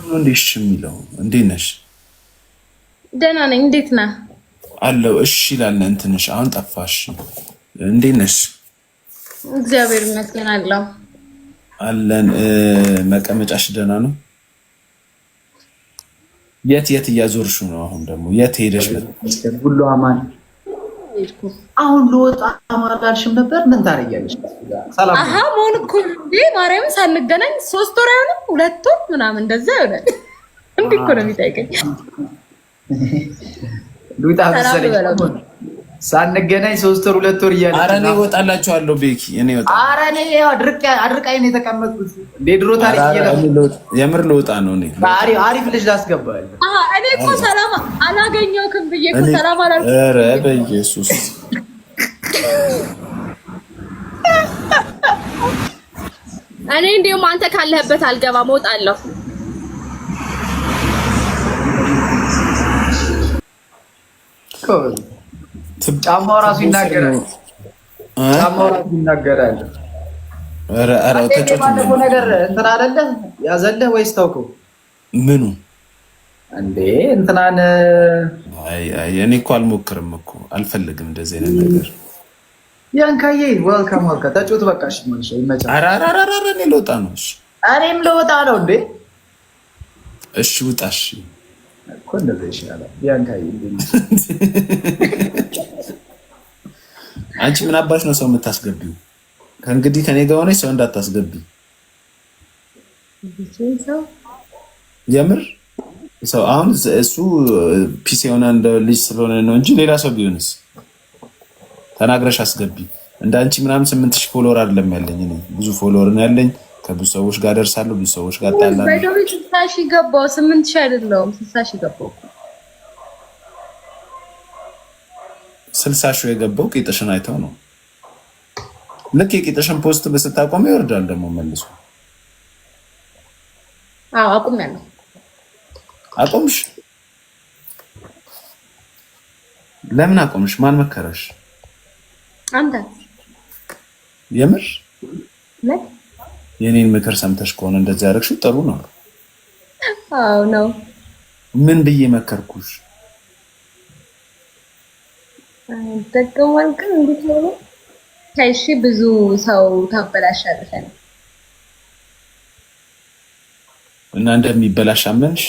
ሁሉም ነው እንዴሽ የሚለው እንዴት ነሽ? ደህና ነኝ። እንዴት ነህ? አለው እሺ ይላል እንትንሽ። አሁን ጠፋሽ። እንዴት ነሽ? እግዚአብሔር ይመስገን አለው አለን። መቀመጫሽ ደህና ነው? የት የት እያዞርሽ ነው? አሁን ደግሞ የት ሄደሽ? ሁሉ አማን አሁን ለወጣ አማላልሽም ነበር። ምን ታረጊያለሽ? አሀ መሆን እኮ እንዴ ማርያምን ሳንገናኝ ሶስት ወር አይሆንም ሁለት ወር ምናምን እንደዛ ይሆናል። እንዲህ እኮ ነው የሚጠይቀኝ ሉጣ መሰለኝ ሳንገናኝ ሶስት ወር ሁለት ወር እያለ ኧረ እኔ እወጣላችኋለሁ። ቤኪ እኔ እወጣለሁ። ኧረ እኔ አድርቃይ ነው የተቀመጥኩት። እንደ ድሮ ታሪክ የምር ልወጣ ነው። እኔ አሪፍ ልጅ ላስገባል። እኔ እኮ ሰላም አላገኘሁም ብዬ እኮ ሰላም አላልኩም። ኧረ በኢየሱስ እኔ እንዲሁም አንተ ካለህበት አልገባም፣ እወጣለሁ እኮ ጫማው ራሱ ይናገራል። ጫማው ራሱ ይናገራል። ባለፈው ነገር እንትን አለለህ ያዘለህ ወይስ ተውከው? ምኑ እንዴ እንትናን እኔ እኮ አልሞክርም እኮ አልፈልግም እንደዚህ አይነት ነገር። ያንካዬ ወልካም ወልካ ተጫወት በቃ። እሺ ምን ሸይ መጫ እኔ ልወጣ ነው። እሺ እኔም ልወጣ ነው እንዴ። እሺ ውጣ። እሺ እኮ እንደዚህ ይሻላል። ያንካዬ አንቺ ምን አባሽ ነው ሰው የምታስገቢው? ከእንግዲህ ከኔ ጋር ሆነሽ ሰው እንዳታስገቢ። የምር ሰው አሁን እሱ ፒስ የሆነ እንደ ልጅ ስለሆነ ነው እንጂ ሌላ ሰው ቢሆንስ ተናግረሽ አስገቢ። እንደ አንቺ ምናምን ስምንት ሺህ ፎሎወር አይደለም ያለኝ እኔ ብዙ ፎሎወር ነው ያለኝ። ከብዙ ሰዎች ጋር ደርሳለሁ፣ ብዙ ሰዎች ጋር ጣላለሁ። ስልሳ ሺህ ገባሁ፣ ስምንት ሺህ አይደለሁም፣ ስልሳ ሺህ ገባሁ ስልሳ የገባው ቂጥሽን አይተው ነው። ልክ የቂጥሽን ፖስት ስታቆም ይወርዳል ደግሞ መልሶ። አዎ አቁሜያለሁ። ለምን አቁምሽ? ማን መከረሽ? አንተ የምር የኔን ምክር ሰምተሽ ከሆነ እንደዚህ ያደረግሽው ጥሩ ነው። አዎ ነው። ምን ብዬ መከርኩሽ? ይጠቀማል። ግን እንዴት ነው ከሺ ብዙ ሰው ታበላሻለሽ እና እንደሚበላሽ አመንሽ?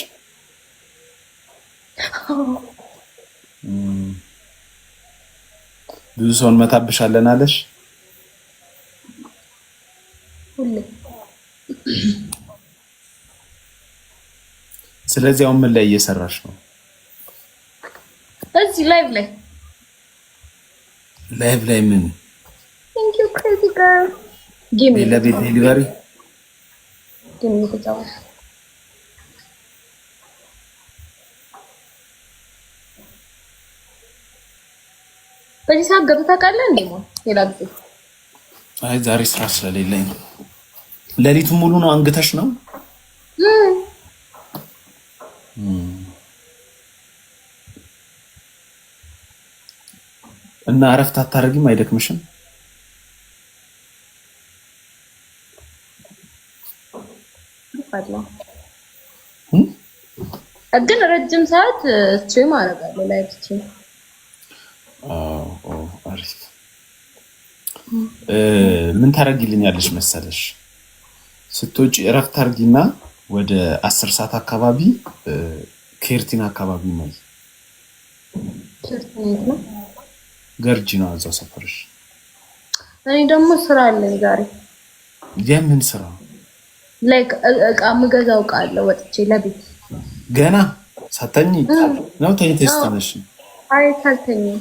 ብዙ ሰውን መታብሻለን አለሽ? ስለዚህ አሁን ምን ላይ እየሰራሽ ነው? እዚህ ላይቭ ላይ ላይቭ ላይ ምን ለቤት ዲሊቨሪ በዚህ ሰዓት ገብተህ ታውቃለህ? እንደ ሌላ ጊዜ አይ ዛሬ ስራ ስለሌለኝ ሌሊቱን ሙሉ ነው አንግተሽ ነው እና እረፍት አታደርጊም? አይደክምሽም? ግን ረጅም ሰዓት ስትሪም አደርጋለሁ። ላይቭ ስትሪም አሪፍ። ምን ያለሽ መሰለሽ? ስትወጪ እረፍት አድርጊና ወደ አስር ሰዓት አካባቢ ኬርቲን አካባቢ ነው። ገርጂ ነው እዛ ሰፈርሽ? እኔ ደግሞ ስራ አለኝ ዛሬ። የምን ስራ? ላይክ እቃ ምገዛው እቃ ወጥቼ ለቤት ገና ሳተኝ ነው ተኝተሽ ተነሽ? አይ ሳልተኝም።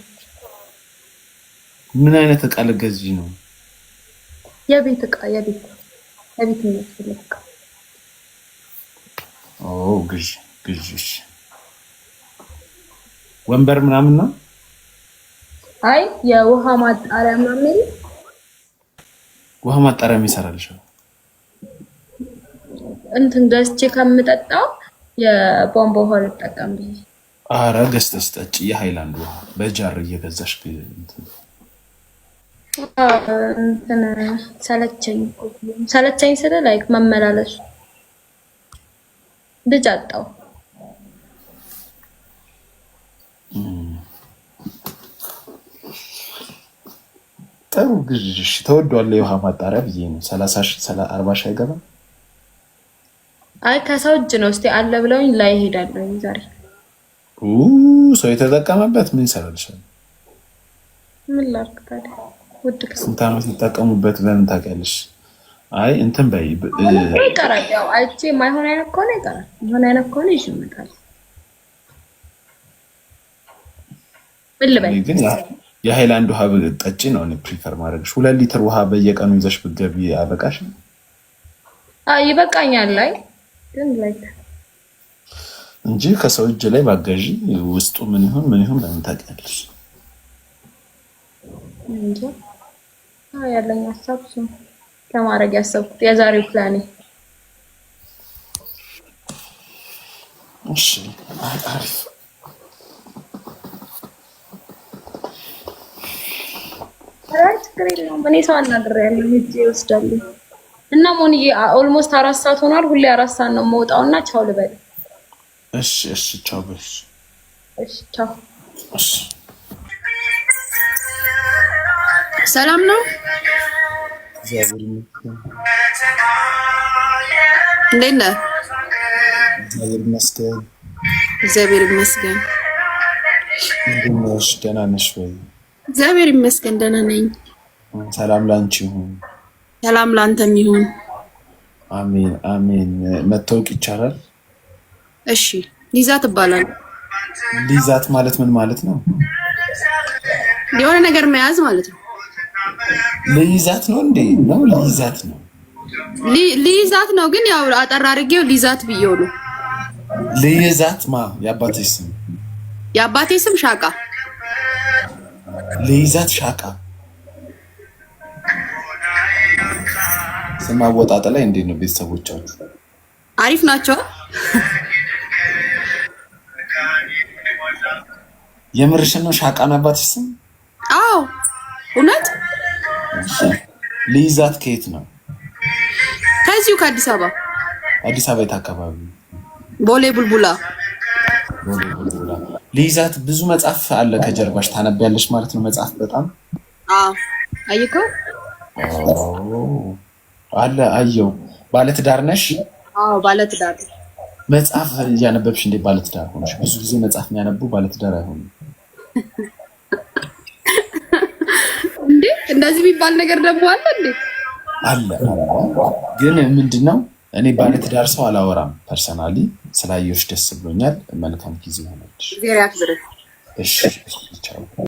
ምን አይነት እቃ ልገዢ ነው? የቤት እቃ፣ የቤት የቤት የሚያስፈልግ እቃ። ኦ ግዢ ግዢ። ወንበር ምናምን ነው አይ የውሃ ማጣሪያ ማመሪ ውሃ ማጣሪያ የሚሰራልሽ እንትን ገዝቼ ከምጠጣው የቧንቧ ውሃ ልጠቀም ብዬ። አረ ገዝተሽ ጠጪ፣ የሃይላንድ ውሃ በጃር እየገዛሽ እንትን ሰለቸኝ ሰለቸኝ ስለ ላይክ መመላለሱ ልጅ አጣው ጥሩ ግዥሽ ተወዷል። የውሃ ማጣሪያ ብዬ ነው። ሰላሳ አርባ ሺህ አይገባም። አይ ከሰው እጅ ነው። እስኪ አለ ብለውኝ ላይ ይሄዳለሁ ዛሬ። ሰው የተጠቀመበት ምን ይሰራልሻል? ምን ላድርግ ታዲያ ውድ ስንት ዓመት የተጠቀሙበት በምን ታውቂያለሽ? አይ እንትን በይ ይቀራል። ያው አይቼ የማይሆን አይነት ከሆነ ይቀራል፣ የሆነ አይነት ከሆነ ይሽምጣል። ምን ልበል የሃይላንድ ውሃ ጠጪ ነው ፕሪፈር ማድረግሽ። ሁለት ሊትር ውሃ በየቀኑ ይዘሽ ብትገቢ አበቃሽ ይበቃኛል ላይ እንጂ ከሰው እጅ ላይ ባገዢ ውስጡ ምን ይሁን ምን ይሁን ለምን ታውቂያለሽ? ያለኝ ሀሳብ ለማድረግ ያሰብኩት የዛሬው ፕላኔ እሺ አሪፍ ችግር የለውም። እኔ ሰው አናግሬያለሁ ጊዜ ይወስዳሉ እና ሞንዬ ኦልሞስት አራት ሰዓት ሆኗል። ሁሌ አራት ሰዓት ነው የምወጣው እና ቻው ልበል። እሺ፣ እሺ፣ ቻው በል። እሺ፣ ቻው። እሺ፣ ሰላም ነው። እንዴት ነህ? እግዚአብሔር ይመስገን። እግዚአብሔር ይመስገን። ደህና ነሽ ወይ? እግዚአብሔር ይመስገን ደህና ነኝ። ሰላም ላንቺ ይሁን። ሰላም ላንተም ይሁን። አሜን አሜን። መታወቅ ይቻላል? እሺ። ሊዛት ይባላል። ሊዛት ማለት ምን ማለት ነው? የሆነ ነገር መያዝ ማለት ነው። ሊይዛት ነው እንዴ? ነው ሊይዛት ነው ሊይዛት ነው ግን ያው አጠር አድርጌው ሊዛት ብዬው ነው። ሊይዛት ማ የአባቴ ስም የአባቴ ስም ሻቃ ልይዛት ሻቃ ስም አወጣጥ ላይ እንዴት ነው ቤተሰቦቻችሁ? አሪፍ ናቸው። የምርሽን ነው? ሻቃ አባትሽ ስም? አዎ እውነት። ልይዛት ከየት ነው? ከዚሁ ከአዲስ አበባ። አዲስ አበባ የት አካባቢ? ቦሌ ቡልቡላ ሊይዛት ብዙ መጽሐፍ አለ ከጀርባሽ ታነቢያለሽ ማለት ነው። መጽሐፍ በጣም አየከው አለ አየው። ባለትዳር ነሽ? አዎ ባለትዳር። መጽሐፍ እያነበብሽ እንዴ ባለትዳር ሆነሽ? ብዙ ጊዜ መጽሐፍ የሚያነቡ ባለትዳር አይሆኑም እንዴ? እንደዚህ የሚባል ነገር ደግሞ አለ እንዴ? አለ ግን ምንድነው፣ እኔ ባለትዳር ሰው አላወራም ፐርሰናሊ ስላየሁሽ ደስ ብሎኛል። መልካም ጊዜ ሆነች። እሺ፣ ይቻላል